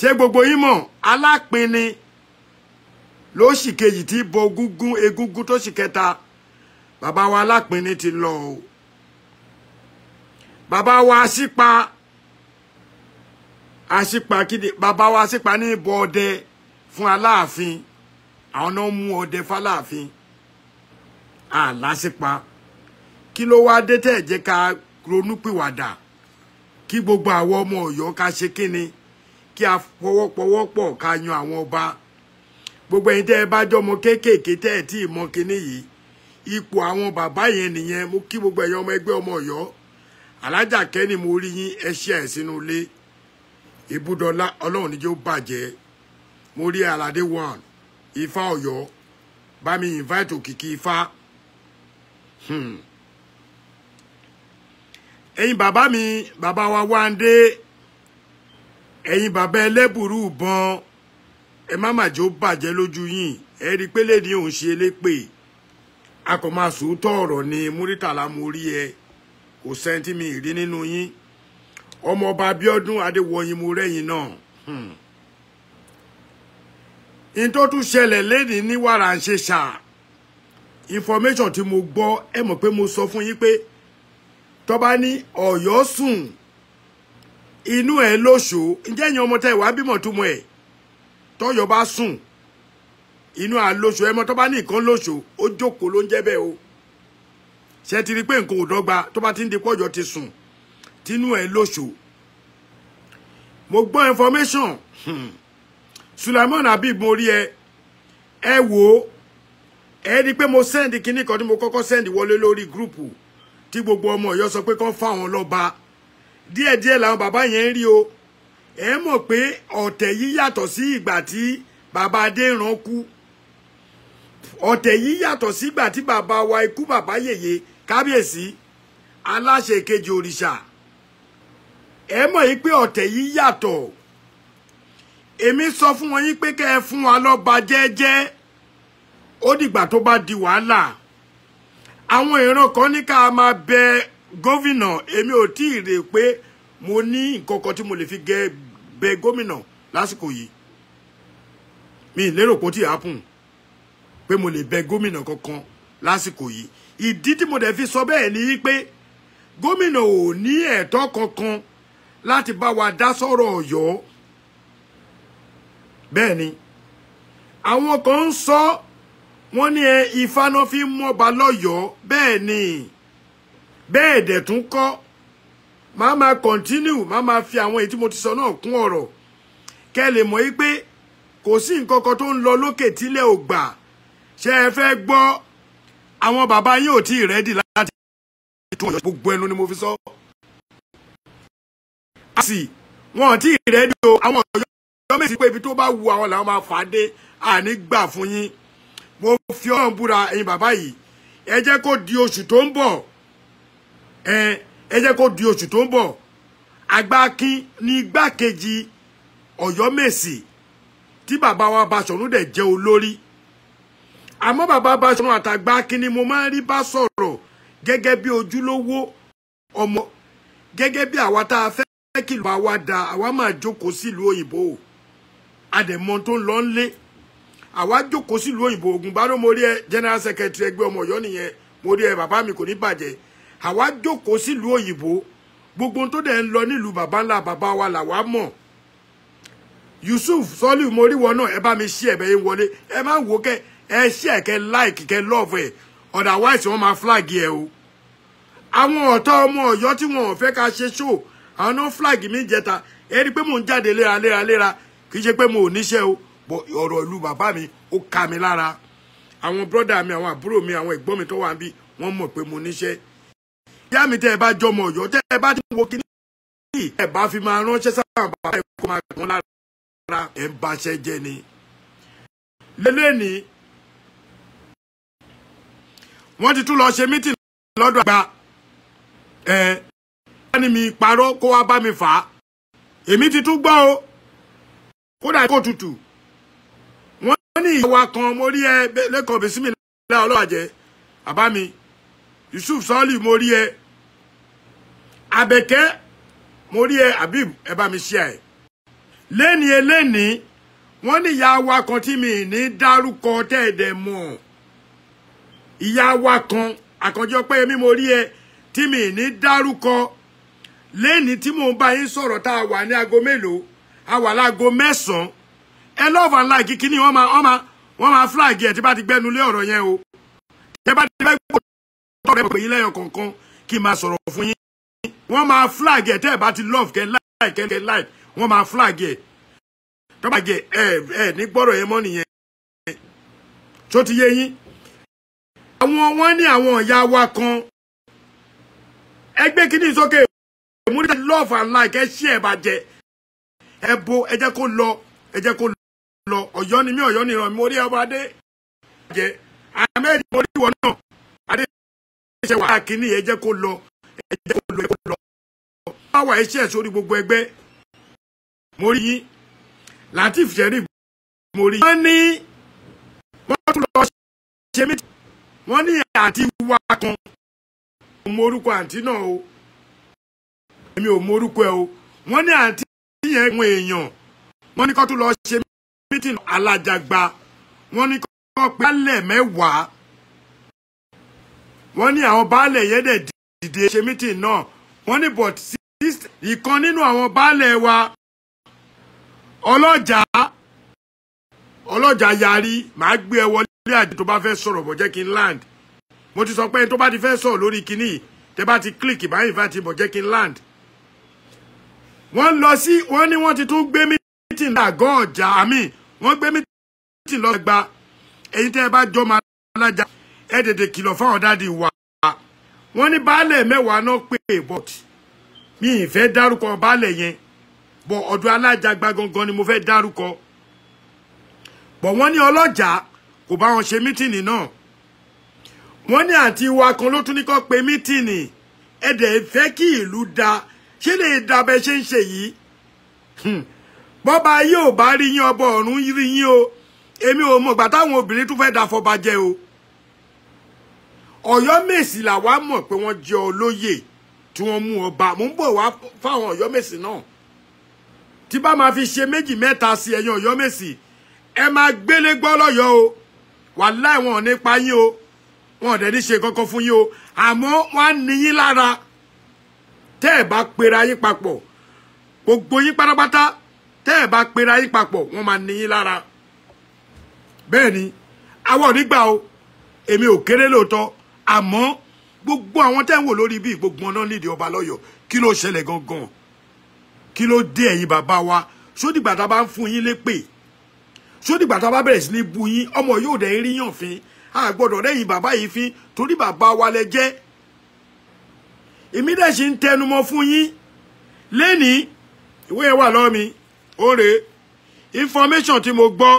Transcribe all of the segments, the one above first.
ṣé gbogbo yín mọ̀ alápinni ló sì kejì tí bo gúngún egúngún tó sì kẹta baba wa alápinni ti lọ o bàbá wa sípa àṣìpà kíde bàbá wa sípa ní ibọ ọdẹ fún aláàfin àwọn náà mú ọdẹ fáláàfin àlásípa kí ló wá dé tẹ̀ jẹ́ ká ronúpìwàdà kí gbogbo àwọn ọmọ Ọ̀yọ́ ká ṣe kíni kí a fọwọ́pọwọ́pọ̀ ká yan àwọn ọba gbogbo ẹ̀yin tẹ́ ẹ bá jọmọ kéékèèké tẹ́ ẹ̀ tí ì mọ kinní yìí ipò àwọn bàbá yẹn nìyẹn mo kí gbogbo ẹ̀yin ọmọ ẹgbẹ́ ọmọ ọ̀yọ́ alájà kẹ́ni mo rí yín ẹṣẹ́ ẹ̀ sínú ilé ibùdọ́lá ọlọ́run níjẹ́ bàjẹ́ mo rí aládé one ifá ọ̀yọ́ bá mi invite òkìkí ifá hmm. ẹ̀yin bàbá mi bàbá wa wá ń dé ẹ̀yin bàbá ẹlẹ́bùrú ìbọn e má mà jó bàjẹ́ lójú y'in, e rí i pé lèdí òun ṣe lépè a kò máa sòótọ́ ọ̀rọ̀ ni múrítàlá mo rí ẹ kò sẹ́ńtì mi rí nínú yín ọmọ ọba Abíọ́dún Adéwọyìn mo rẹ́yìn náà in hmm. tó tún ṣẹlẹ̀ lẹ́nìí ní wàrà ń ṣe information tí mo gbọ́ ẹ mọ̀ pé mo sọ fún yín pé tó bá ní Ọ̀yọ́ sùn inú ẹ lóṣòó ǹjẹ́ ẹ̀yin ọmọ tẹ́ ìwà bímọ túmọ̀ ẹ̀ tọ́yọ̀ bá sùn inú àlóṣòó ẹmọ tó bá ní nǹkan lóṣòó ó jókòó ló ń jẹ́ bẹ́ẹ̀ o ṣe ti rí pé nǹkan ò dọ́gba tó ti ń di pọ́jọ ti sùn tínú ẹ lóṣòó mo gbọ́ information hmm. Sulaiman Habib mo rí ẹ ẹ wò ó ẹ rí i pé mo send kinní kan tí mo kọ́kọ́ send wọlé lórí gúrùpù tí gbogbo ọmọ Ọ̀yọ́ sọ pé kán fáwọn lọ́ba díẹ̀díẹ̀ làwọn bàbá yẹn ń rí o ẹ mọ̀ pé ọ̀tẹ̀ yìí yàtọ̀ sí ìgbà tí bàbá Adéran kú ọ̀tẹ̀ yìí yàtọ̀ sí ìgbà tí bàbá wa ikú bàbá yèyé kábíyèsí aláṣẹ kejì òrìṣà ẹ mọ̀ yìí pé ọ̀tẹ̀ yìí yàtọ̀ èmi sọ fún wọn yín pé kẹ́ ẹ fún wa lọ́ba jẹ́ẹ́jẹ́ ó dìgbà tó bá di wàhálà àwọn ìran kan ní ká máa bẹ gómìnà èmi ò tí ì rè pé mo ní nǹkan kan tí mo lè fi gẹ bẹ gómìnà lásìkò yìí mi lérò pé ó ti happen pé mo lè bẹ gómìnà kankan lásìkò yìí ìdí tí mo dẹ̀ fi sọ bẹ́ẹ̀ ni pé gómìnà ò ní ẹ̀tọ́ kankan láti bá wa dá sọ̀rọ̀ ọ̀yọ́ bẹ́ẹ̀ ni àwọn kan ń sọ wọ́n ní ìfaná fi mọba lọ́yọ̀ọ́ bẹ́ẹ̀ ni bẹ́ẹ̀ dẹ̀ tún kọ́ màá máa continue màá máa fi àwọn èyí tí mo ti sọ náà kún ọ̀rọ̀ kẹ́ lè mọ̀ yí pé kò sí nǹkan kan tó ń lọ lókè tílẹ̀ ò gbà ṣé ẹ fẹ́ gbọ́ àwọn bàbá yín ò tí ì rẹ́dì láti tún ọ̀yọ́ gbogbo ẹnu ni mo fi sọ. a sì wọn ò tí ì rẹ́dì o àwọn ọ̀yọ́ méjì pé ibi tó bá wu àwọn làwọn máa fà àní gbà fún yín mo fi ọ̀hún búra ẹ̀yin bàbá yìí ẹ jẹ́ kó di oṣù tó ń bọ̀ ẹ jẹ́ kó di oṣù tó ń bọ̀ agbákin ní igbákejì ọ̀yọ́mèsì tí bàbá wa Baṣọ̀run dẹ̀ jẹ́ olórí àmọ́ bàbá Baṣọ̀run àtàgbákin ni mo máa ń rí bá sọ̀rọ̀ gẹ́gẹ́ bí ojúlówó ọmọ gẹ́gẹ́ bí àwa tá a fẹ́ kìlọ̀ bá wa àwa máa jókòó sílùú òyìnbó àdẹ̀mọ́ tó ń lọ ń àwa jókòó sílùú òyìnbó Ògùnbánó mo rí ẹ general secretary ẹgbẹ́ ọmọ Ọ̀yọ́ nìyẹn mo rí ẹ bàbá mi kò ní bàjẹ́ àwa jókòó sílùú òyìnbó gbogbo tó dẹ̀ ń lọ nílùú bàbá ńlá bàbá wa làwa mọ̀ Yusuf Soliu mo rí wọn náà ẹ bá mi ṣí ẹ̀bẹ̀ yín wọlé ẹ má wò kẹ ẹ ṣí ẹ̀ kẹ láìkì kẹ lọ́ọ̀fù ẹ̀ otherwise wọ́n máa flagi ẹ o àwọn ọ̀tá ọmọ ọ̀yọ́ tí wọn ò fẹ́ ká ṣe ṣó àwọn náà flag mi jẹta ẹ rí pé mò ń jáde léraléraléra kì í ṣe pé mo ò níṣẹ́ o ọ̀rọ̀ ìlú bàbá mi ó ká mi lára àwọn brọ́dà mi àwọn àbúrò mi àwọn ẹ̀gbọ́n mi tó wà níbí wọ́n mọ̀ pé mo níṣẹ́ yá mi tẹ́ ẹ bá jọmọ ọ̀yọ́ tẹ́ ẹ ti wo kíní yìí ẹ bá fi máa ránṣẹ́ sábà bá ẹ kó máa gbọ́n lára ẹ ń baṣẹ́ jẹ ni. lélẹ́ni wọ́n ti tún lọ ṣe mítìn lọ́dọ̀ àgbà ẹ̀ ẹ́ mi paro ko wá bá mi fà á ti tún gbọ́ o kódà kó tutù wọ́n ní wa kan mo rí ẹ lẹ́kọ̀ọ́ bísí mi lẹ́yìn ọlọ́wàjẹ́ mi Yusuf sali mo e ẹ àbẹ̀kẹ́ mo rí ẹ Habib ẹ bá mi ṣe ẹ lẹ́ni eléni wọ́n ní ìyá wa kan tí mi ní dárúkọ tẹ́ẹ̀dẹ̀ mọ̀ ìyá wa kan àkànjọ pé mi mo rí ẹ tí mi ní dárúkọ lẹ́ni tí mò ń bá yín sọ̀rọ̀ tá a wà ní aago mélòó a wà láago mẹ́sàn-án ẹ lọ́ọ̀fù àńlá kíkíní wọ́n máa wọ́n máa wọ́n máa flag ẹ̀ tí bá ti gbẹ́nu lé ọ̀rọ̀ yẹn o tẹ́ bá ti fẹ́ gbọ́dọ̀ ọ̀rẹ́ pè yín lẹ́yọ̀ kọ̀ọ̀kan kí n máa sọ̀rọ̀ fún yín wọ́n máa flag ẹ̀ tẹ́ ẹ̀ bá ti love kẹ́ like kẹ́ like wọ́n máa flag ẹ̀ tọ́ba jẹ ẹ ẹ ní gbọ́rọ̀ yẹn mọ́ nìyẹn tó ti yé yín àwọn wọ́n ní àwọn ìyá wa kan ẹgbẹ́ kínní sókè mú níta love and like ẹ ṣí ẹ bàjẹ́ ẹ bo ẹ jẹ́ kó lọ ẹ jẹ́ kó lọ ọ̀yọ́ ni mí ọ̀yọ́ ni ìràn mi orí ọba adé jẹ àmẹ́rin mo rí ìwọ náà adé ṣe wàhálà kínní ẹ jẹ́ kó lọ ẹ jẹ́ kó lọ power iṣẹ́ sórí gbogbo ẹgbẹ́ mo rí yín Lateef Sheriff mo rí yín. wọ́n ní wọ́n tún lọ ṣe mí wọ́n ní àǹtí wa kan mo mọ àǹtí náà o èmi ò mọ orúkọ ẹ o wọ́n ní àǹtí yẹn àwọn èèyàn wọ́n ní kó tún lọ ṣe mítìn alájàgbá wọ́n ní kó pé baálẹ̀ mẹ́wàá wọ́n ní àwọn baálẹ̀ yẹn dẹ̀ dìde ṣe mítìn náà wọ́n ní bọ̀t ìkan nínú àwọn baálẹ̀ wa ọlọ́jà ọlọ́jà yarí màá gbé ẹ wọlé àjẹ tó bá fẹ́ sọ̀rọ̀ bọ̀ jẹ́ kí n land mo ti sọ pé tó bá ti fẹ́ sọ̀rọ̀ lórí kinní tẹ bá ti click bá yìí bá ti bọ̀ jẹ́ kí n land wọ́n lọ sí wọ́n ní wọ́n ti tún gbé mítìn lágọ́ ọjà àmì wọ́n gbé mítìn lọ́gbà gba tẹ́ ẹ bá jọ máa lájà ẹ dèdè kìlọ̀ fáwọn dáàdi wà wọ́n ní baálẹ̀ mẹ́wàá náà pé bọ́ọ̀tì mi ì fẹ́ dárúkọ baálẹ̀ yẹn bọ̀ ọ̀dọ̀ alájàgbá gangan ni mo fẹ́ dárúkọ bọ̀ wọ́n ní ọlọ́jà kò bá wọn ṣe mítìnì náà wọ́n ní àti wa kan ló tún ní kó pe mítìnì ẹ̀dẹ̀ fẹ́ kí ìlú da ṣé lè da bẹ́ẹ̀ ṣe ń ṣe yìí hmm. bọ́ba yóò bá rí yín ọbọ̀ ọ̀run rí yín o èmi ò mọ̀ gbà táwọn obìnrin tún fẹ́ da fọba jẹ o Ọ̀yọ́ Mèsì làwa mọ̀ pé wọ́n jẹ olóyè tí wọ́n mú ọba mò ń bọ̀ wá fáwọn ọ̀yọ́mèsì náà tí bá máa fi ṣe méjì mẹ́ta sí ẹ̀yin ọ̀yọ́mèsì ẹ máa gbélé gbọ́ lọ́yọ́ o wàláì wọn ò ní pa yín o wọn ò dẹ̀ ní ṣe kankan fún yín o àmọ́ wọ́n á ní yín lára tẹ́ ẹ̀ bá pera yín papọ̀ gbogbo yín pátápátá tẹ́ ẹ̀ bá pera yín papọ̀ wọ́n máa ní lára bẹ́ẹ̀ àwọn ò o èmi ò kéré lóòótọ́ àmọ́ gbogbo àwọn tẹ́ ń wò lórí bíi gbogbo ọ̀nà nídìí ọba lọ́yọ̀ kí ló ṣẹlẹ̀ gangan kí ló dé ẹ̀yin bàbá wa sódìgbà tá a bá ń fún yín lépè sódìgbà tá a bá bẹ̀rẹ̀ sí ní bu yín ọmọ yóò dẹ̀ rí yàn fín a gbọ́dọ̀ rẹ́yìn bàbá yìí fín torí bàbá wa lẹ jẹ́ èmi dẹ̀ ṣe ń tẹnumọ́ fún yín lẹ́nìí ìwé yẹn wà lọ́wọ́ mi ó information tí mo gbọ́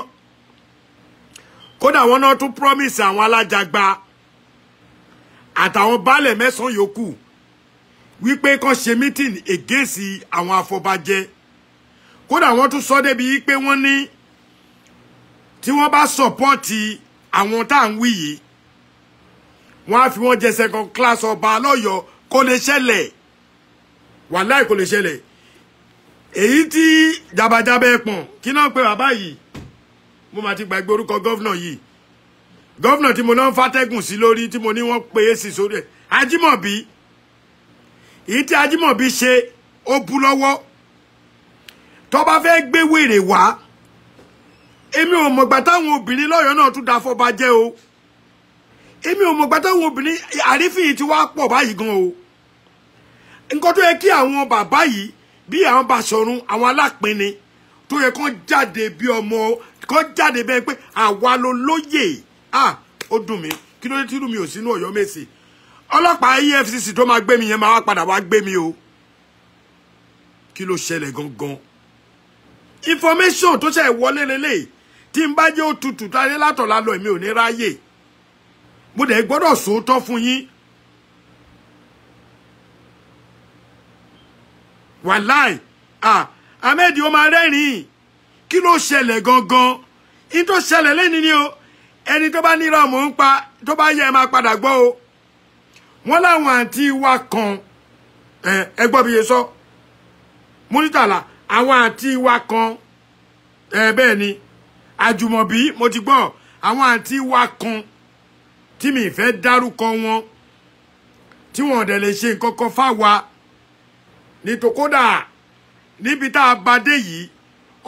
kódà wọn náà tún promise àwọn alájàgbá àtàwọn baálẹ̀ mẹ́sàn-án yòókù wípé kán ṣe mítìn ègéèsì àwọn afọbajẹ kódà wọ́n tún sọ débi wípé wọ́n ní tí wọ́n bá sọ̀pọ́ọ̀tì àwọn tá à ń wí yìí wọ́n á fi wọ́n jẹ second class ọba lọ́yọ̀ọ́ kò lè ṣẹlẹ̀ wàláì kò lè ṣẹlẹ̀ èyí tí jabajaba ẹpọ̀n kí náà pé bàbá yìí mo mà ti gbàgbé orúkọ gọ́vnà yìí gọ́vnà tí mo náà ń fàtẹ́gùn sí lórí tí mo ní wọ́n pe é sí sórí ẹ̀ ajímọ̀bí èyí tí ajímọ̀bí ṣe ó bu lọ́wọ́ tó bá fẹ́ gbé wèrè wá èmi ò mọ̀gbà táwọn obìnrin lọ́yọ̀ọ́ náà tún da fọba jẹ́ o èmi ò mọ̀gbà táwọn obìnrin àrífín yìí ti wá pọ̀ báyìí gan o nǹkan tó yẹ kí àwọn bàbá yìí bí àwọn Basọ̀run àwọn alápinni tó yẹ kán jáde bí ọmọ kán jáde bẹ́ẹ̀ pé àwa ló lóye ah ó dùn mí kí ló dé tírú mi ò sínú Ọ̀yọ́ Mèsì ọlọ́pàá EFCC tó máa gbé mi yẹn máa wá padà wá gbé mi o kí ló ṣẹlẹ̀ gangan information tó ṣe wọlé lélẹ̀ tí n bá jẹ́ òtútù táyé látọ̀ lálọ́ èmi ò ní ráyè mo dẹ̀ gbọ́dọ̀ sòótọ́ fún yín wàláì ah Ahmed ó máa rẹ́rìn-ín kí ló ṣẹlẹ̀ gangan in tó ṣẹlẹ̀ lẹ́ni ni o ẹni tó bá nírọ̀ mò ń pa tó bá yẹ máa padà gbọ́ o wọ́n láwọn àǹtí wa kan ẹ gbọ́ bí yẹ sọ múnítàlá àwọn àǹtí wa kan ẹ bẹ́ẹ̀ ni àjùmọ̀bí mo ti gbọ́ àwọn àǹtí wa kan tí mi fẹ́ dárúkọ wọn tí wọn dẹ̀ lè ṣe nǹkan fáwa ní tòkódà níbi tá a bá dé yìí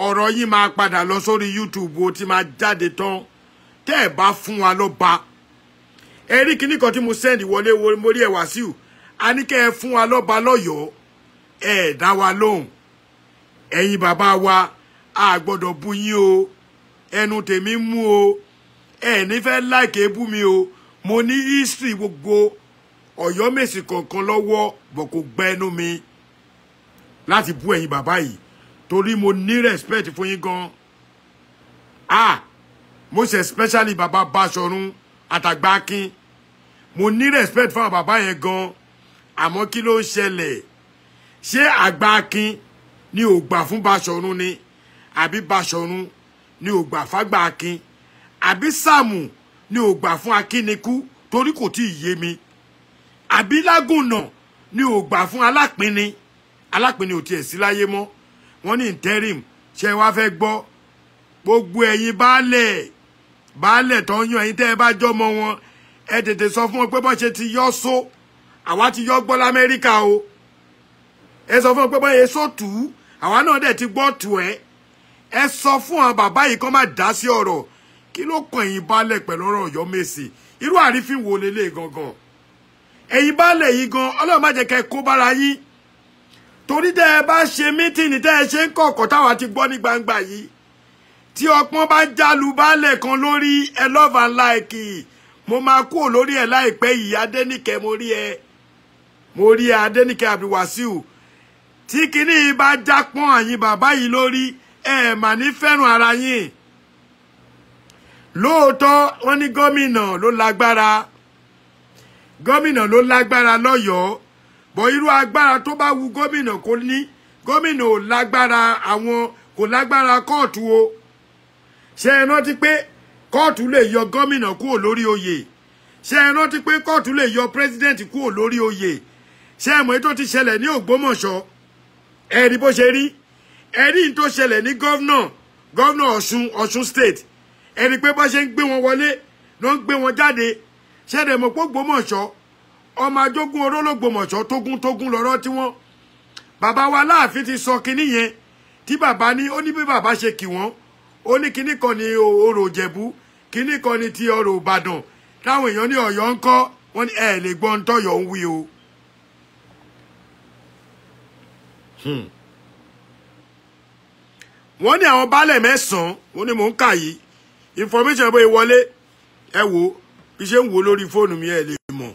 ọ̀rọ̀ yìí máa padà lọ sórí YouTube o ti máa jáde tán tẹ́ ba bá fún wa lọ́ba ẹ̀rí kìíní kan tí mo sẹ́ndì wọlé wo mo rí ẹ̀ Wàsíù a ní kẹ́ ẹ fún wa lọ́ba lọ́yọ̀ọ́ ẹ̀ dá wa lóhùn ẹ̀yin bàbá wa a gbọ́dọ̀ bú yín o ẹnu tèmi mú o ẹ̀ nífẹ̀ẹ́ láìké bú mi o mo ní history gbogbo Ọ̀yọ́mèsì kọ̀ọ̀kan lọ́wọ́ bọ̀ kò gbẹ́ ẹnu mi láti bú ẹ̀yin bàbá yìí torí mo ni respect fún yín gan-an. Ah! Mo se especially baba Báṣọ̀run àtàgbà Akin mo ni respect fáwọn baba yẹn gan àmọ́ kí ló ń ṣẹlẹ̀ ṣé ni ò gbà fún Báṣọ̀run ni abi Báṣọ̀run ni ò gbà fágbà abi samu ni ò gbà fún Akínikú torí kò tí ì mi àbí Lágùnà ni ò fun fún Alápinni Alápinni ò tiẹ̀ sí láyé mọ́ wọ́n ní interim ṣé wa fẹ́ gbọ́ gbogbo ẹ̀yin baálẹ̀ baálẹ̀ tó ń yan ẹ̀yin tẹ́ ẹ bá jọmọ wọn ẹ tètè sọ fún wọn pé bọ́n ṣe ti yọ́ só àwa ti yọ́ gbọ́ lamẹ́ríkà o ẹ sọ fún wọn pé bọ́n ṣe só tù ú àwa náà dẹ̀ ti gbọ́ tù ẹ́ ẹ sọ fún àwọn bàbá yìí kán má dá sí ọ̀rọ̀ kí ló kàn yín baálẹ̀ pẹ̀lú ọ̀rọ̀ ọ̀yọ́ mèsì irú àrífín wo lélẹ̀ gangan ẹ̀yin baálẹ̀ yìí gan ọlọ́run má jẹ́ kẹ́ kó bára yín torí tẹ́ ẹ bá ṣe mítìnì tẹ́ ẹ ṣe ń kọ̀ọ̀kọ̀ táwa ti gbọ́ ní gbangba yìí tí ọpọ́n bá jálu baálẹ̀ kan lórí ẹ love and like mo ma kúrò lori ẹ láìpẹ́ yìí adẹ́nìkẹ́ mo rí ẹ mo rí ẹ adẹ́nìkẹ́ abdulwasiu tí kinní yìí bá jápọ́n àyìn bàbá yìí lórí ẹ mà ní fẹ́ràn ara yín lóòótọ́ wọ́n ní gómìnà ló lágbára gómìnà ló lágbára lọ́yọ̀ọ́ bọ̀ irú agbára tó bá wu gómìnà kò ní gómìnà ò lágbára àwọn kò lágbára kóòtù o ṣé ẹ pe pé kóòtù lè yọ gómìnà kúrò lórí oyè ṣé ẹ rántí pé kóòtù president kúrò lórí oyè ṣé ẹ mọ̀ ti ṣẹlẹ̀ ní Ògbómọ̀ṣọ́ ẹ rí bó ṣe rí ẹ rí tó ṣẹlẹ̀ ní gọ́vnà gọ́vnà Ọ̀ṣun Ọ̀ṣun state ẹ rí pé bó ṣe ń gbé wọn wọlé ló ń gbé wọn jáde ṣé ẹ mọ̀ pé Ògbómọ̀ṣọ́ ọmọ ajógún orólógbòmọ̀ṣọ́ tógún tógún lọ́rọ́ tí wọ́n bàbá wa láàfin ti sọ kinní yẹn tí bàbá ní ó ní bí bàbá ṣe kì wọ́n ó ní kinní kan ní ọ̀rọ̀ Ìjẹ̀bú kinní kan ní ti ọ̀rọ̀ Ìbàdàn táwọn èèyàn ní Ọ̀yọ́ ń kọ́ wọ́n ní ẹ lè gbọ́ ń tọ́yọ̀ ń wí o. Hmm. wọ́n ní àwọn baálẹ̀ mẹ́sàn-án wọ́n ní mò ń kà yìí information bóyá wọlé ẹ wò bí ṣe ń wò lórí fóònù mi ẹ lè mọ̀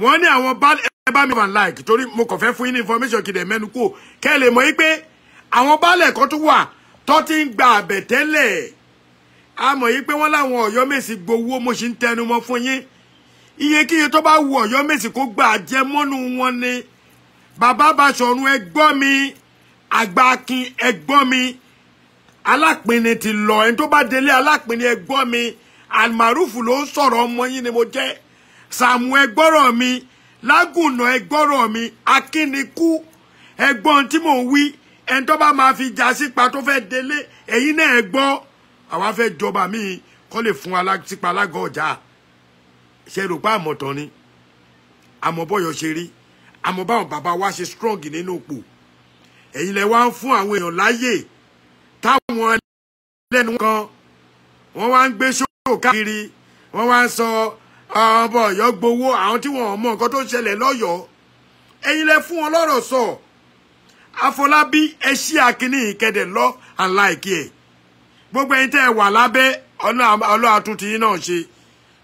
wọ́n ní àwọn baálẹ̀ ẹ bá mi wà like torí mo kàn fẹ́ fún yín ní information kìdẹ̀ mẹ́nu kú kẹ́ ẹ lè mọ̀ yí pé àwọn baálẹ̀ kan tún wà tó ti ń gba àbẹ̀tẹ́lẹ̀ a mọ̀ yí pé wọ́n láwọn ọ̀yọ́ mèsì gbowó mo sì ń tẹnu mọ́ fún yín iyekíye tó bá wu ọ̀yọ́ mèsì kó gba àjẹmọ́nú wọn ni bàbá Basọ̀run ẹgbọ́n mi àgbà akin ẹgbọ́n mi alápinni ti lọ ẹni tó bá délé alápinni ẹgbọ́n mi almarufu ló ń sọ̀rọ̀ ọmọ yín ni mo jẹ́ sàmù ẹgbọ́rọ̀ mi lágùnà ẹgbọ́rọ̀ mi akínnikú ẹgbọ́n tí mò ń wí ẹni tó bá máa fi jà sípa tó fẹ́ délé èyí náà gbọ́ àwa fẹ́ jọba míì kọ́ lè fún sípa alága ọjà ṣe rò pé àmọ̀tàn ni àmọ́ bọ́yọ̀ ṣe rí àmọ́ báwọn bàbá wa ṣe strong nínú òpò èyí lẹ wá ń fún àwọn èèyàn láyè táwọn lẹ́nu kan wọ́n wá ń gbé ṣòro káàkiri wọ́n wá ń sọ ọmọ Ọ̀yọ́ gbowó àwọn tí wọ́n mọ nǹkan tó ṣẹlẹ̀ lọ́yọ̀ọ́ èyí lẹ fún wọn So Afọlábí ẹ ṣí àkíní ìkẹdẹ lọ and like ẹ gbogbo ẹ̀yin tẹ́ ẹ wà lábẹ́ ọlọ́wà tún ti yín náà ṣe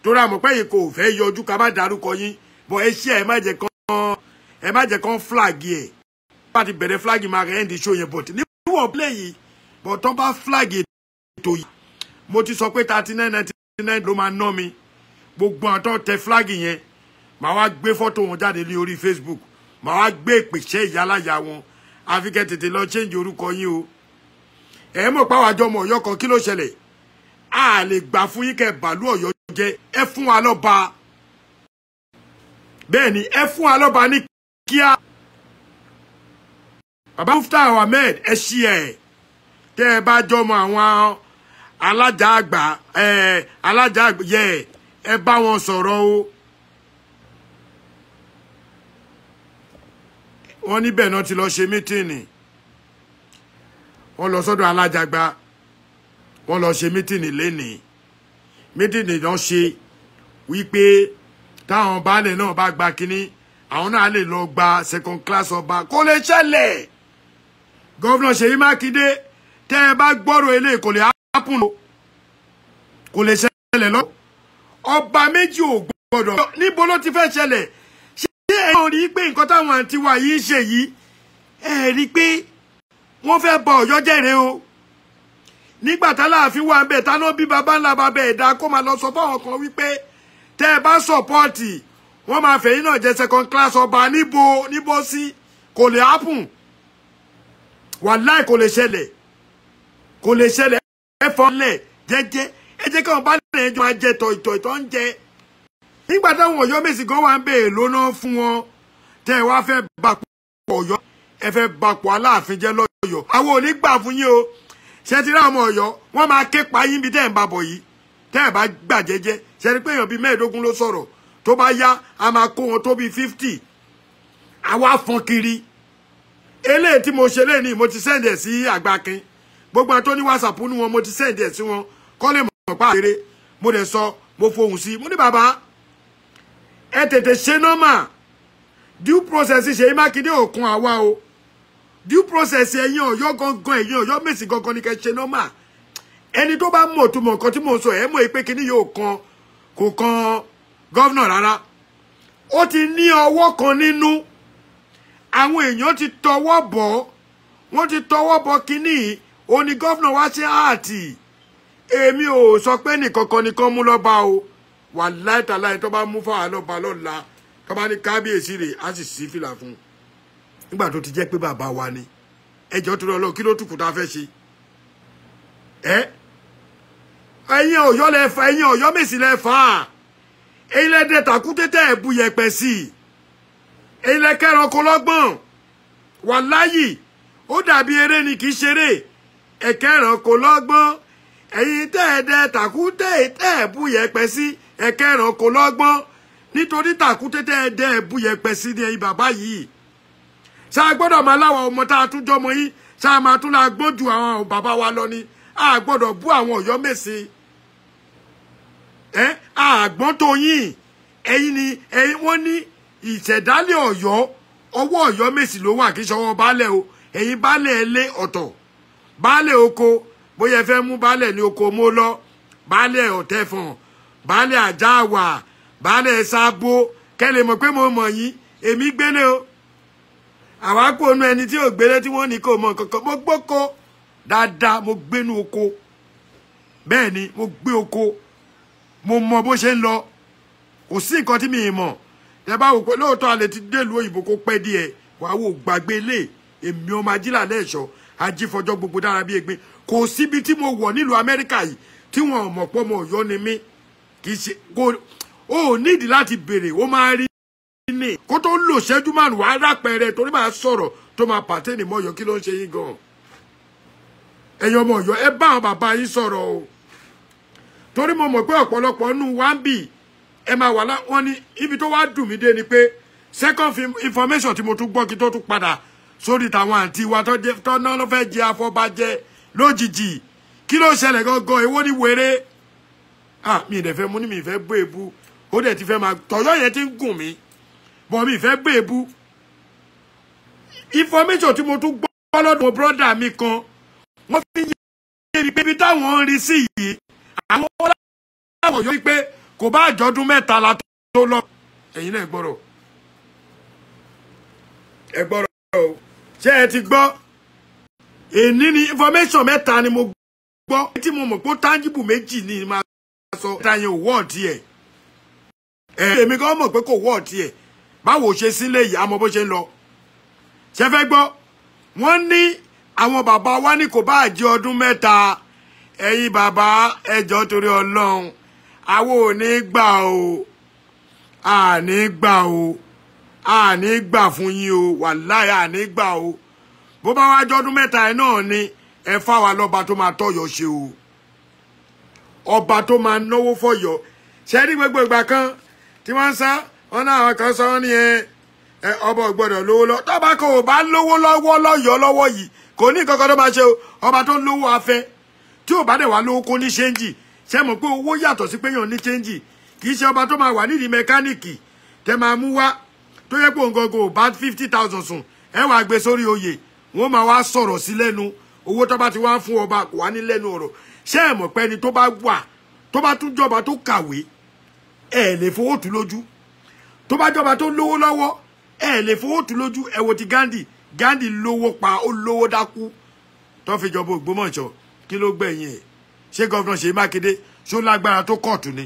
torí àmọ́ pé yìí kò fẹ́ yọjú ká má dárúkọ yín bọ̀ ẹ ẹ má jẹ́ kán ẹ má jẹ́ kán flag ẹ bá ti bẹ̀rẹ̀ flag máa rẹ̀ end show yẹn but níwọ̀n play yìí bọ̀ tán bá flag ètò yìí mo ti sọ pé thirty nine ninety nine ló máa ná mi gbogbo àtọ́ tẹ flag yẹn màá wá gbé fọ́tò wọn jáde lé Facebook màá wá gbé ìpèsè ìyálàyà wọn àfi kẹ́ tètè lọ change orúkọ yín o ẹ mọ̀ pé àwọn àjọmọ Ọ̀yọ́ kan kí ló ṣẹlẹ̀ a lè gbà fún yín kẹ́ bàálù Ọ̀yọ́ jẹ ẹ fún wa lọ́ba bẹ́ẹ̀ ni ẹ fún wa lọ́ba ní kíá baba mufta ahmed ẹ ṣí ẹ tẹ́ ẹ bá jọmọ àwọn alájà àgbà ẹ alájà yẹ ẹ bá wọn sọ̀rọ̀ o. wọ́n níbẹ̀ náà ti lọ ṣe mítìnì wọ́n lọ sọ́dọ̀ alájàgbá wọ́n lọ ṣe mítìnì lénìí mítìnì náà ṣe wípé táwọn baálẹ̀ náà bá gba kínní àwọn náà lè lọ gba second class ọba kó lè ṣẹlẹ̀ gọ́vnà Ṣèyí Mákindé tẹ́ ẹ bá gbọ́rọ̀ eléyìí kò lè hápùn o kò lè ṣẹlẹ̀ lọ ọba méjì ò gbọ́dọ̀ níbo ló ti fẹ́ ṣẹlẹ̀ ẹ̀yin rí pé nǹkan táwọn àǹtí wa yìí ń ṣe yìí ẹ rí pé wọ́n fẹ́ ba Ọ̀yọ́ jẹ́rẹ̀ o nígbà táláàfin wà bẹ́ẹ̀ táná bí baba ńlá bàbá ẹ̀dá kó máa lọ sọ fáwọn kan wípé tẹ́ ẹ bá sọ̀pọ́ọ̀tì wọ́n máa fẹ̀yìn náà jẹ́ second class ọba níbo níbo sí kò lè happen wàláì kò lè ṣẹlẹ̀ kò lè ṣẹlẹ̀ ẹ fọ́n lẹ̀ jẹ́jẹ́ ẹ jẹ́ káwọn bá lè jọ máa jẹ tọ̀ ìtọ̀ ìtọ̀ ń jẹ nígbà táwọn Ọ̀yọ́ Mèsì kan wà ń bèè lóná fún wọn tẹ ẹ wá fẹ́ bàpọ̀ Ọ̀yọ́ ẹ fẹ́ bàpọ̀ Aláàfin jẹ́ lọ́yọ̀ọ́ àwọn ò ní gbà fún yín o ṣe ti rá ọmọ Ọ̀yọ́ wọ́n máa ké pa yín bí tẹ ẹ ń bàbọ yìí tẹ ẹ bá gbà jẹ́jẹ́ ṣe pé èèyàn bíi mẹ́ẹ̀ẹ́dógún ló sọ̀rọ̀ tó bá yá a máa kó wọn tó bíi fifty àwa fọn kiri eléyìí tí mo ṣe léyìí mo ti sẹ́ǹdẹ̀ sí àgbàkin gbogbo àwọn tó ní wàsàpù ní wọn mo ti sẹ́ǹdẹ̀ sí wọn kọ́lé mọ̀ pàṣẹ mo dẹ̀ sọ mo fohùn sí mo ní bàbá ẹ tètè ṣe nọ́mà due process Ṣèyí Mákindé òkun àwa o due process ẹ̀yin Ọ̀yọ́ gangan ẹ̀yin Ọ̀yọ́ Mèsì gangan ni kẹ́ ṣe nọ́mà ẹni tó bá mọ̀ tó mọ̀ nǹkan tí mò ń sọ ẹ̀ mọ̀ pé kíní yóò kan kò kan gọ́vnà rárá ó ti ní ọwọ́ kan nínú àwọn èèyàn ti tọwọ́ bọ̀ wọ́n ti tọwọ́ bọ̀ kíní ó ní gọ́vnà wá sí ààtì èmi ò sọ pé nìkankan nìkan mú lọ́ba o wà láìtàláì tó bá mú fáwọn ọlọ́ba lọ́la tó bá ní kábíyèsí rẹ̀ á sì sí fìlà fún nígbà tó ti jẹ́ pé bàbá wa ni ẹjọ́ tó lọ́ọ́ kí ló tún kù tá a fẹ́ ṣe ẹ́ ẹ̀yin ọ̀yọ́ lẹ fa ẹ̀yin ọ̀yọ́ mèsì lẹ fa ẹ̀yin lẹ dẹ tàkútẹ́tẹ́ ẹ̀bù yẹpẹ̀ sí i ẹ̀yin lẹ kẹ́ranko lọ́gbọ̀n wà láyì ó dàbí eré ni kì í ṣeré ẹ̀kẹ́ranko lọ́gbọ̀n ẹ̀yin tẹ́ ẹ̀ dẹ tàkútẹ́ ẹ̀bù yẹpẹ̀ sí ẹ̀kẹ́ràn kò lọ́gbọ́n nítorí tàkútété ẹ̀dẹ́ ẹ̀bù yẹpẹ sí ni ẹ̀yin bàbá yìí ṣá a gbọ́dọ̀ máa láwọn ọmọ tá a tún jọmọ yín ṣá a máa tún la gbójú àwọn bàbá wa lọ ni a gbọ́dọ̀ bú àwọn ọ̀yọ́ mèsì ẹ àgbọ́n tó yín ẹ̀yin ni ẹ̀yin wọ́n ní ìṣẹ̀dálẹ̀ ọ̀yọ́ ọwọ́ ọ̀yọ́ mèsì ló wà kí sọwọ́ baálẹ̀ o ẹ̀yin baálẹ̀ ilé ọ̀tọ̀ baálẹ̀ oko bóyá ẹ fẹ́ mú baálẹ̀ ní oko mó lọ baálẹ̀ ọ̀tẹ̀fọ̀n baálẹ̀ àjáàwà baálẹ̀ sábó kẹ́lẹ̀ mọ̀ pé mo mọ̀ yín èmi gbélé o àwa kò nu ẹni tí ò gbélé tí wọ́n ní kò mọ̀ kankan mo gbóko dáadáa mo gbénu oko bẹ́ẹ̀ ni mo gbé oko mo mọ bó ṣe ń lọ kò sí nǹkan tí mi ì mọ̀ ẹ bá wò pé lóòótọ́ alẹ́ ti délùú òyìnbó kó pẹ́ díẹ̀ wàá wò gbàgbé lé èmi ọmọ ajílà lẹ́ẹ̀ṣọ́ ajífọjọ́ gbogbo dára bíi egbin kò síbi tí mo wọ̀ nílùú amẹ́ríkà yìí tí wọn ò mọ̀ pọ́ mọ̀ ni mí kì í ṣe kò ó nídìí láti béèrè ó máa rí ní kó tó lò ṣẹ́jú márùn-ún wàá rápẹ̀rẹ̀ torí máa sọ̀rọ̀ tó máa pàtẹ́nì mọ́yọ kí ló ń ṣe yín gan-an ẹ̀yin ọmọ ẹ bá àwọn bàbá yín sọ̀rọ̀ o torí mo mọ̀ pé ọ̀pọ̀lọpọ̀ nù wá ń bì ẹ máa wà wọ́n ní ibi tó wá dùn mí dé ni pé second information tí mo tún gbọ́ kí tó tún padà sórí tàwọn àǹtí wa tó náà ló fẹ́ jẹ afọbajẹ lójijì kí ló ṣẹlẹ̀ gangan èwo ni wèrè ah mi dẹ̀ fẹ́ mo ní mi fẹ́ bó ebu ó dẹ̀ ti fẹ́ máa tọ́jọ́ yẹn ti ń gùn mí bọ̀ mi fẹ́ bó ebu information ti mo tún gbọ́ lọ́dọ̀ brother, mi kan wọ́n fi yé mi pé ibi táwọn ń rí sí yìí àwọn láwọn yọ pé kò bá àjọ̀dún mẹ́ta la tó lọ ẹ̀yin náà gbọ́rọ̀ ẹ gbọ́rọ̀ o ṣé ẹ ti gbọ́ èní ni information mẹ́ta ni mo gbọ́ ti mo mọ̀ pé tangible meji ni ma sọ táyẹ ò wọ́ọ̀ tiẹ̀ èmi gan mọ̀ pé kò wọ́ọ̀ tiẹ̀ báwo ṣe sílé yìí àmọ́ bó ṣe ń lọ ṣe fẹ́ gbọ́ wọ́n ní àwọn bàbá wa ní kò bá àjẹ ọdún mẹ́ta ẹ̀yin bàbá ẹjọ́ torí ọlọ́run àwọn ò ní gbà o àní gbà o àní gbà fún yín o wàláì àní gbà o bó bá wá jọ́dún mẹ́ta ẹ̀ náà ni ẹ fáwa lọ́ba tó máa tọ́yọ̀ ṣe o ọba tó máa náwó fọyọ ṣe rí gbogbo ìgbà kan tí wọ́n ń sá wọn náà àwọn kan sọ wọn ní ẹ ọba ò gbọ́dọ̀ lówó lọ tọba kò bá lówó lọ́wọ́ lọyọọ lọ́wọ́ yìí kò ní kankan tó máa ṣe o ọba tó lówó afẹ tí ò bá dẹ̀ wá lówó kó ní ṣéǹjì ṣe mọ̀ pé owó yàtọ̀ sí pé yàn ní ṣéǹjì kì í ṣe ọba tó máa wà nídìí mẹkáníìkì tẹ máa mú wá tó yẹ pé òǹgangan ò bá fifty thousand sùn ẹ wàá gbé sórí oyè wọn máa wá sọ̀rọ̀ sí lẹ́nu owó tó ti wá fún ọba kò ní lẹ́nu ọ̀rọ̀ ṣé ẹ mọ̀ pé ẹni tó bá wà tó bá tún jọba tó kàwé ẹ lè fowó tù lójú tó bá jọba tó lówó lọ́wọ́ ẹ lè fowó tù lójú ẹ ti Gandhi Gandhi lówó pa ó lówó dákú tó fi jọba Ògbómọ̀ṣọ́ kí ló gbẹ̀yìn ẹ̀ ṣé gọ́vnà Ṣèyí Mákindé ṣó lágbára tó kọ̀tù ni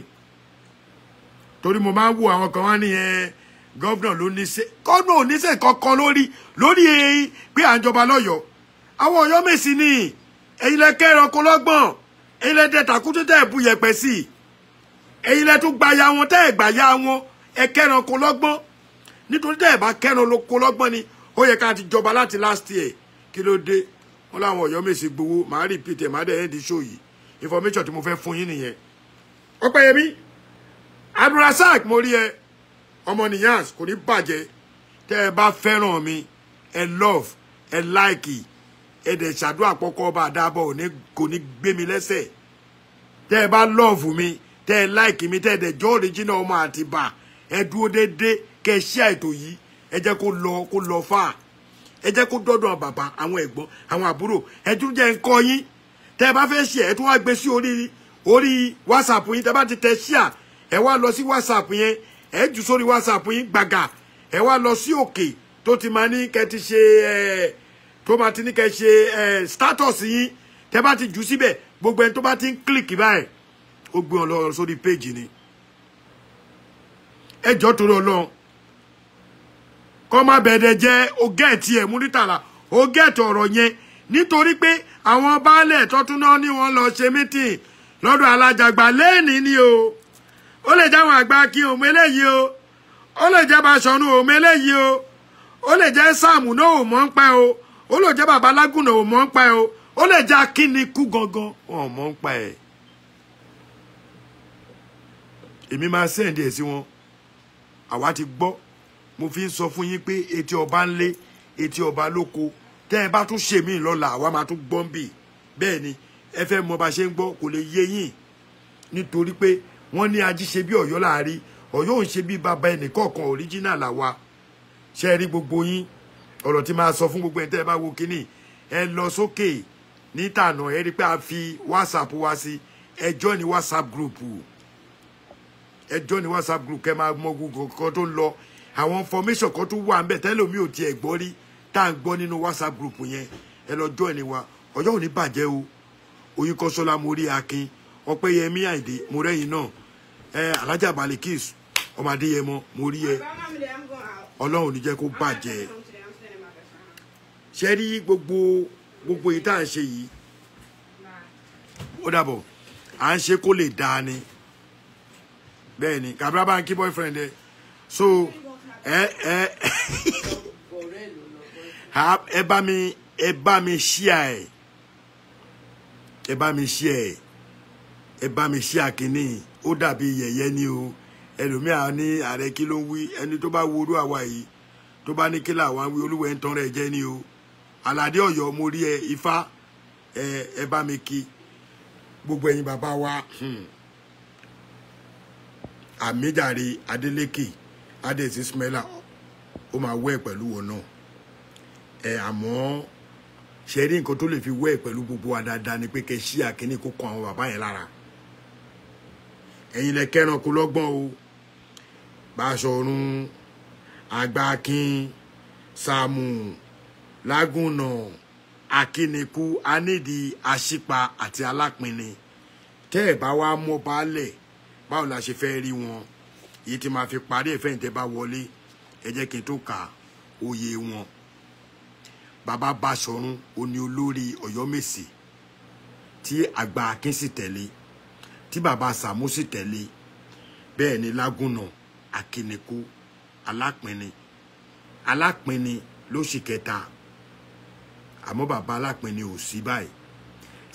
torí mo máa ń wo àwọn kan wá nìyẹn gọ́vnà ló ní ṣe gọ́vnà ò ní ṣe kankan lórí lórí pé à ń jọba lọ́yọ̀ọ́ àwọn Ọ̀yọ́mèsì ni èyí lẹ́kẹ́ ẹranko lọ́gbọ̀n ẹ̀yin lẹ dẹ tàkútú tẹ́ ẹ̀ bu yẹ̀pẹ̀ sí i ẹ̀yin lẹ tún gbaya wọn tẹ́ ẹ̀ gbaya wọn ẹ kẹ́ran kó lọ́gbọ́n nítorí tẹ́ ẹ̀ bá kẹ́ran kó lọ́gbọ́n ni ó yẹ ká ti jọba láti last year kí ló dé wọn láwọn Ọ̀yọ́ Mèsì gbowó màá repeat ẹ̀ màá dẹ̀ ẹ́ di show yìí information tí mo fẹ́ fún yín nìyẹn Ọpẹ́yẹmí Abdulrasaq mo rí ẹ ọmọ nìyàns kò ní bàjẹ́ tẹ́ bá fẹ́ràn mi ẹ love ẹ like ẹ̀dẹ̀ ṣàdúrà pọ́kọ́ ọba àdábọ̀ kò ní gbé mi lẹ́sẹ̀ tẹ́ ẹ bá lọ́ọ̀fù mi tẹ́ ẹ láìkì mi tẹ́ ẹ dẹ̀ jọ́ òrìjìnà ọmọ àtìbà ẹ dúró déédé kẹ́ ẹ ṣí àìtò yìí ẹ jẹ́ kó lọ kó lọ fà á ẹ jẹ́ kó dọ́dọ̀ bàbá àwọn ẹ̀gbọ́n àwọn àbúrò ẹ tún jẹ́ ń kọ́ yín tẹ́ ẹ bá fẹ́ ṣe ẹ tún wá gbé sí orí orí whatsapp yín tẹ́ bá ti tẹ ṣíà ẹ wá lọ sí whatsapp yẹn ẹ jù sórí whatsapp yín gbàgà ẹ wá lọ sí òkè tó ti máa ní kẹ́ ti ṣe ẹ̀ẹ́ tó máa ti ní kẹ́ ṣe ẹ status yín tẹ́ bá ti jù síbẹ̀ gbogbo ẹni tó bá ti ń kílìkì báyìí ó gbé wọn lọ sórí péjì ni ẹjọ́ torí Ọlọ́run kọ́ má bẹ̀ẹ̀dẹ̀ jẹ́ o gẹ́ẹ̀tì ẹ̀ Muritala o gẹ́ẹ̀tì ọ̀rọ̀ yẹn nítorí pé àwọn baálẹ̀ tọ́tún náà ni wọ́n lọ ṣe mítìn lọ́dọ̀ alájàgbà lẹ́ẹ̀ni ni o ó lè jáwọn àgbà kí òun eléyìí o ó lè jẹ́ Basọ̀run òun eléyìí o ó lè jẹ́ Sáàmù náà ò mọ́ ń pẹ́ o ó lè jẹ́ bàbá lágùnà ò mọ̀ ń pa ẹ̀ o ó lè jẹ́ akínikú gangan wọn ò mọ̀ ń pa ẹ̀. èmi máa sẹ́ǹdì ẹ̀ sí wọn àwa ti gbọ́ mo fi ń sọ fún yín pé etí ọba ń lé etí ọba lóko tẹ́ ẹ bá tún ṣe mí lọ́la àwa máa tún gbọ́n bì bẹ́ẹ̀ ni ẹ fẹ́ mọ bá ṣe ń gbọ́ kò lè yé yín nítorí pé wọ́n ní ají bí ọ̀yọ́ láàrí ọ̀yọ́ òun ṣe bí bàbá ẹnìkọ̀ọ̀kan original làwa ṣe gbogbo yín ọ̀rọ̀ tí máa sọ fún gbogbo ẹ̀ tẹ́ ẹ bá wo kínní ẹ lọ sókè nítànà ẹ rí pé a fi whatsapp wá sí ẹ ní whatsapp group ẹ ní whatsapp group kẹ́ máa mọ gbogbo kan tó ń lọ àwọn information kan tó wà ńbẹ̀ tẹ́lẹ̀ omi ò tiẹ̀ gbọ́ rí tá à ń gbọ́ nínú whatsapp group yẹn ẹ lọ join ní wa ọjọ́ òní bàjẹ́ o Oyinkansola mo rí akin ọpẹ́yẹmí àìdè mo rẹ́yìn náà ẹ alájà balikis ọmọ adéyẹmọ mo rí ẹ ọlọ́run ò ní jẹ́ kó bàjẹ́ ṣe rí gbogbo gbogbo yìí tá à ń ṣe yìí ó dàbọ̀ à ń ṣe kó lè dáa ni bẹ́ẹ̀ ni kàbíra bá ń kí boyfriend ẹ so ẹ ẹ ẹ bá mi ẹ bá mi ṣíà ẹ ẹ bá mi ṣíà ẹ ẹ bá mi ṣíà kínní ó dàbí yẹ̀yẹ́ ni o ẹlòmíà ní ààrẹ kí ló ń wí ẹni tó bá wo orú àwa yìí tó bá ní kí làwọn wí olúwẹ̀ ń tanra ẹ̀ jẹ́ ni o aládé Ọ̀yọ́ mo rí ẹ ifá ẹ ẹ bá mi kí gbogbo ẹ̀yin bàbá wa hmm. àmìjàre Adélékè adéṣí smela ó máa wẹ̀ pẹ̀lú wọn náà ẹ àmọ́ ṣe rí nǹkan tó lè fi wẹ̀ pẹ̀lú gbogbo wa ni pé kẹ́ ṣí àkíní kó kan àwọn bàbá yẹn lára ẹ̀yin lẹ kẹ́ranko lọ́gbọ́n o Báṣọ̀run Àgbàkin Sàámù lágúnnà akínikú anídìí aṣípa àti alápinni tẹ́ ẹ̀ bá wa mọ́ baálẹ̀ báwo la ṣe fẹ́ rí wọn èyí tí máa fi parí ẹ̀fẹ́ ìtẹ́ bá wọlé ẹ jẹ́ kí n tó ka oyè wọn bàbá Basọ̀run oní olórí Ọ̀yọ́mèsì tí àgbà Akin sì tẹ̀lé tí bàbá Sàámú sì tẹ̀lé bẹ́ẹ̀ ni lágúnnà akínikú alápinni alápinni lóṣì kẹta àmọ́ bàbá alápín ni ò sí báyìí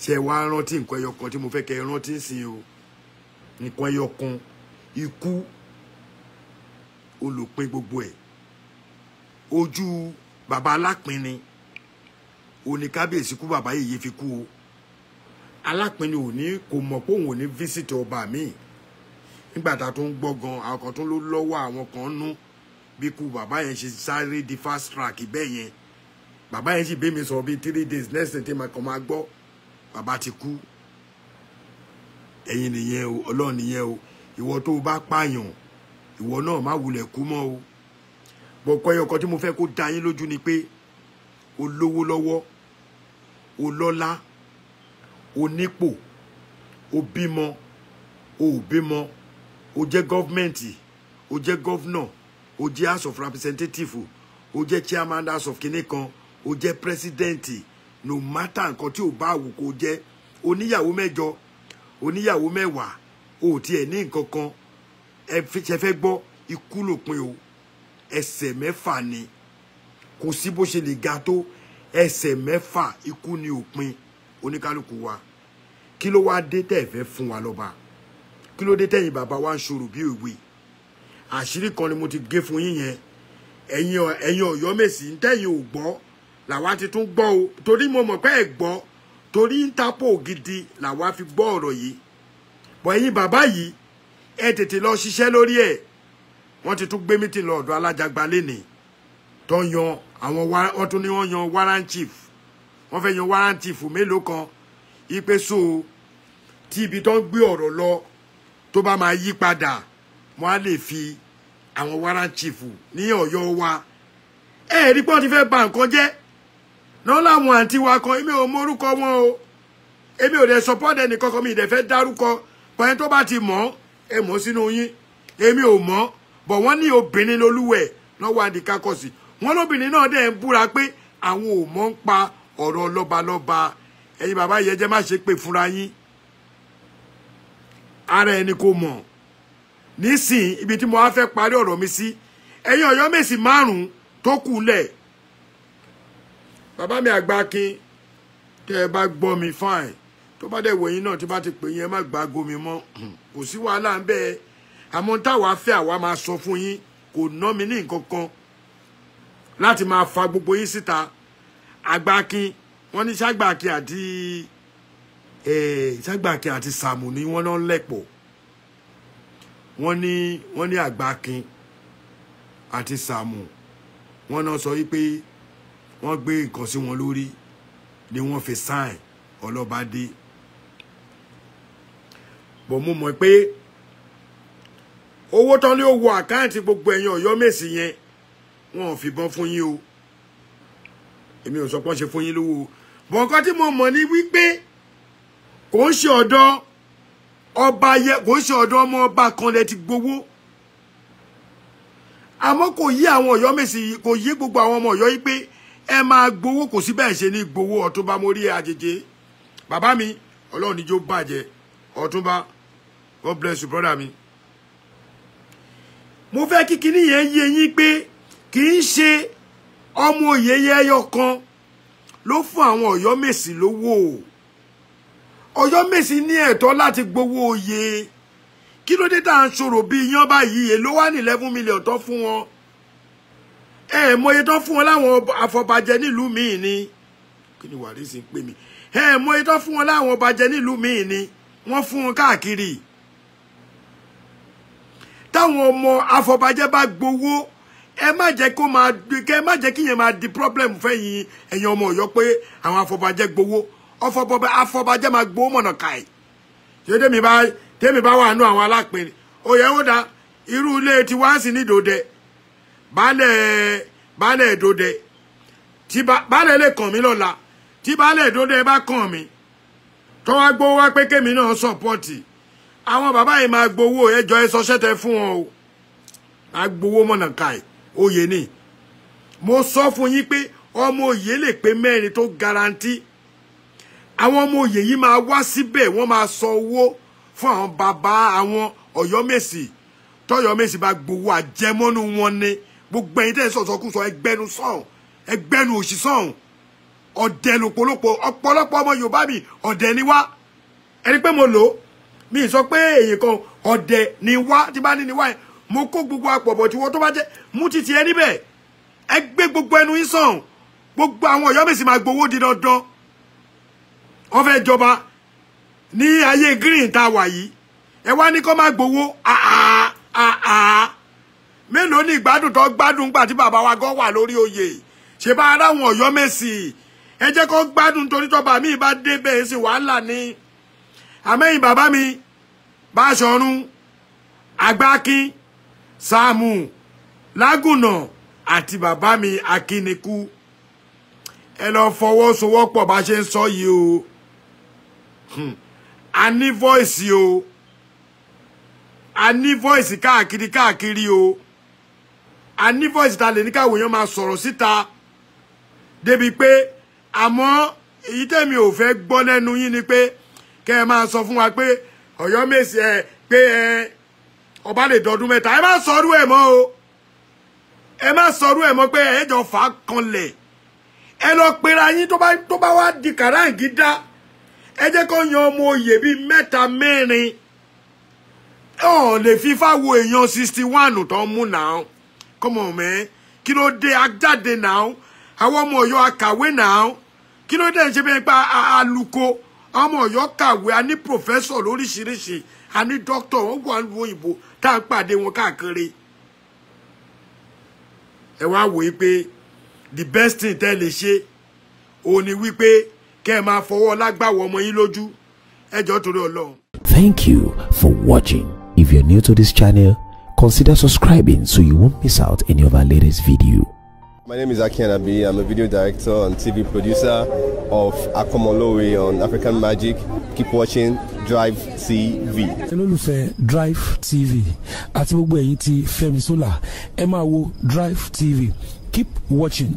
ṣe wá rántí nǹkan ẹyọ tí mo fẹ́ kẹ́ rántí sí o nǹkan ẹyọ ikú olùpín gbogbo ẹ̀ ojú bàbá alápín ni òní kábíyèsí kú bàbá yìí fi kú o alápín ni òní kò mọ̀ pé òun ò ní fíṣítì ọba míì nígbà tá a tún gbọ́ gan àwọn kan tún lọ́wọ́ àwọn kan nú bí kú bàbá yẹn ṣe sáré di fast track bẹ́ẹ̀ yẹn Baba, yẹn sì bẹ́ mi sọ̀rọ̀ bíi three days next day ma kàn máa gbọ́ bàbá ti kú ẹ̀yin nìyẹn o ọlọ́run nìyẹn o ìwọ tó o bá pààyàn ìwọ náà má wulẹ̀ kú mọ́ o bọ̀kọ́ ẹyọkọ tí mo fẹ́ kó da yín lójú ni pé o lówó lọ́wọ́ o lọ́lá o nípò o bímọ o ò bímọ o jẹ́ gọ́fmẹ̀ntì o jẹ́ gọ́fnọ̀ o jẹ́ house of representative o jẹ́ chairman house of kinní kan o jẹ́ pírẹsidẹ́ǹtì no matter nǹkan tí ò bá wù kó jẹ́ oníyàwó mẹ́jọ oníyàwó mẹ́wàá o ò tiẹ̀ ní nǹkan kan ẹ ṣe fẹ́ gbọ́ ikú lòpin o ẹsẹ̀ mẹ́fà ni kò sí bó ṣe lè ga tó ẹsẹ̀ mẹ́fà ikú ni òpin oníkálukú wa kí ló wá dé tẹ́ ẹ fẹ́ fún wa lọ́ba kí ló dé tẹ́yìn bàbá wa ń ṣòro bí òwe àṣírí kan ni mo ti gé fún yín yẹn ẹ̀yin ẹ̀yin Ọ̀yọ́mèsì ń tẹ́yìn ò gbọ́ làwa ti tún gbọ́ o torí mo mọ̀ pé ẹ̀ torí interpol gidi làwa fi gbọ́ ọ̀rọ̀ yìí bọ̀ ẹ̀yin bàbá yìí ẹ tètè lọ ṣiṣẹ́ lórí ẹ̀ wọ́n ti tún gbé mítìn lọ ọ̀dọ̀ alájàgbá lénìí tó yan àwọn wọ́n tún ní wọ́n yan warrant chief wọ́n fẹ́ yan warrant chief mélòó kan ipe so tí ibi tó ń gbé ọ̀rọ̀ lọ tó bá máa yí padà wọ́n á lè fi àwọn warrant chief ní Ọ̀yọ́ wa ẹ̀ẹ́dí pọ́n ti fẹ́ bà nǹkan jẹ́ náà làwọn àǹtí wa kan èmi ò mórúkọ wọn o èmi ò dẹ̀ support ẹnì kankan mi ìdẹ̀fẹ́ dárúkọ pẹ̀lú tó bá ti mọ̀ ẹ mọ̀ sínú yín èmi ò mọ̀ bọ̀ wọ́n ní obìnrin lolúwẹ̀ náà wà ní kákọ́sì wọ́n lóbìnrin náà dẹ̀ ń búra pé àwọn ò mọ̀ ń pa ọ̀rọ̀ lọ́balọ́ba ẹ̀yin bàbá yẹn jẹ́ má ṣe pè fúnra yín ara ẹni kò mọ̀ nísìn ibi tí mo wá fẹ́ parí ọ̀rọ̀ mi sí ẹ̀yin ọ̀yọ́mèsì márùn-ún tó kù lẹ̀ bàbá mi àgbà kin tẹ́ ẹ mi fine tó bá dẹ̀ wòyìn náà tí bá ti pè yín ẹ má gba gomi mọ́ kò sí wàhálà ń bẹ́ẹ̀ àmọ́ táwa fẹ́ àwa máa sọ fún yín kò ná mi ní nǹkan kan láti máa fa gbogbo yín síta àgbàkin wọ́n ní ṣàgbàkin àti ṣàgbàkin àti sàmù ni wọ́n náà lẹ̀pọ̀ wọ́n ní wọ́n ní àgbàkin àti sàmù wọ́n náà sọ yí pé wọ́n gbé nǹkan sí wọn lórí ni wọ́n fi sáìn ọlọ́ba dé bọ̀ mo mọ̀ pé owó tán ni ó wọ àkáǹtì gbogbo ẹ̀yin ọ̀yọ́ mèsì yẹn wọn ò fìbọn fún yín o èmi ò sọ pé wọ́n ṣe fún yín lówó o bọ̀ nǹkan tí mo mọ̀ ni wípé kò ń ṣe ọ̀dọ̀ ọba yẹ kò ń ṣe ọ̀dọ̀ ọmọ ọba kan lẹ ti gbowó àmọ́ kò yí àwọn ọ̀yọ́ mèsì kò yí gbogbo àwọn ọmọ ọ̀yọ́ yìí pé ẹ máa gbowó kò sí bẹ́ẹ̀ ṣe ní gbowó ọ̀túnba mo rí àjèjì bàbá mi ọlọ́run níjó bàjẹ́ ọ̀túnba god bless you brother mi. mo fẹ́ kí kinní yẹn yé yín pé kì í ṣe ọmọ òyeyẹ ẹyọ kan ló fún àwọn ọ̀yọ́mèsì lówó ọ̀yọ́mèsì ní ẹ̀tọ́ láti gbowó oyè kí ló dé tá à ń ṣòro bí iyán báyìí èló wà ní eleven million tó fún wọn ẹ mọye tán fún wọn láwọn afọbajẹ nílùú míì ni kí ni wàrí sì ń pè mí ẹ mọye tán fún wọn láwọn ọbajẹ nílùú míì ni wọ́n fún wọn káàkiri táwọn ọmọ afọbajẹ bá gbowó ẹ má jẹ́ kó máa kẹ má jẹ́ kíyẹn máa di problem fẹ̀yìn ẹ̀yin ọmọ Ọ̀yọ́ pé àwọn afọbajẹ gbowó afọbajẹ máa gbowó mọ̀nà káì ṣé tèmi bá tèmi bá wà nù àwọn alápẹ̀rẹ̀ òye ó dá irú ilé tiwa sì ní ìdòdẹ baálẹ̀ baálẹ̀ dòdẹ tí baálẹ̀ lè kàn mí lọ́la tí baálẹ̀ dòdẹ bá kàn mí tó wá gbowó wá pé kémi náà sọ̀pọ̀tì àwọn bàbá yìí máa gbowó ẹjọ́ ẹ sọ ṣẹ́tẹ fún wọn o máa gbowó mọ̀nà káì oyè ni mo sọ fún yín pé ọmọ òye to guarantee. mẹ́rin tó garanti àwọn ọmọ òye yìí máa wá síbẹ̀ wọ́n máa sọ owó fún àwọn bàbá àwọn ọ̀yọ́mèsì tọ́yọ́mèsì bá gbowó àjẹmọ́nú wọn ni gbogbo ẹ̀yin tẹ́ sọsọkúsọ ẹgbẹnu sọhùn ẹgbẹnu òṣì sọhùn ọ̀dẹ̀ lọ́pọ̀lọpọ̀ ọ̀pọ̀lọpọ̀ ọmọ Yorùbá mi ọ̀dẹ̀ ni wá ẹni pé mo lò ó mi sọ pé èyí kan ọ̀dẹ̀ ni wá tí bá ní ni wá yẹn mo kó gbogbo àpọ̀bọ̀ tí wọ́n tó bá jẹ́ mú títí ẹ níbẹ̀ ẹ gbogbo ẹnu yín sàn gbogbo àwọn Ọ̀yọ́ máa gbowó di dandan wọ́n fẹ́ ní ayé green tá a wà yìí ẹ wá ní kó má gbowó àà ah, àà. Ah, ah, mélòó ni ìgbádùn tó gbádùn gbà ti bàbá wa gan wà lórí oyè ṣe bá aráwọn Ọ̀yọ́ Mèsì ẹ jẹ́ kó gbádùn torí tọba mi bá débẹ̀ ẹ sì wàhálà ni àmẹyìn bàbá mi Báṣọ̀run Àgbákin Sàámù Lágùnà àti bàbá mi Akínikú ẹ lọ fọwọ́sowọ́pọ̀ bá ṣe ń sọ yìí o hmm. a voice o ani ní voice káàkiri káàkiri o a ní voice ta lè ní káwọn èèyàn máa sọ̀rọ̀ síta débi pé àmọ́ èyí tẹ̀mí ò fẹ́ gbọ́ lẹ́nu yín ni pé kẹ́ ẹ máa sọ fún wa pé ọ̀yọ́ mèsì ẹ pé ẹ ọba lè dọdún mẹ́ta ẹ má sọrú ẹ̀ mọ́ o ẹ má sọrú ẹ̀ mọ́ pé ẹ jọ fà á kanlẹ̀ ẹ lọ pera yín tó bá tó bá wá di kàráǹgídá ẹ jẹ́ kó yan ọmọ oyè bíi mẹ́ta mẹ́rin ọ̀ lè fi fáwọn èèyàn sixty one tó ń mú náà come on man kí ló dé ajáde náà àwọn ọmọ Ọ̀yọ́ akàwé náà kí ló dé pa aluko àwọn ọmọ Ọ̀yọ́ kàwé a professor lóríṣiríṣi a ní doctor wọn wà lu òyìnbó tá à ń pàdé wọn káàkiri ẹ wá wò ó the best thing tẹ́ lè ṣe òun ni wípé kẹ́ ẹ máa fọwọ́ lágbàwọ̀ ọmọ yín lójú ẹjọ́ torí Thank you for watching. If you're new to this channel consider subscribing so you won't miss out any of our latest video. My name is Aki Anabi. I'm a video director and TV producer of Akomolowe on African Magic. Keep watching Drive TV. lufe Drive TV àti gbogbo ẹ̀yin Fẹ́mi Sola Emma wo Drive TV keep watching.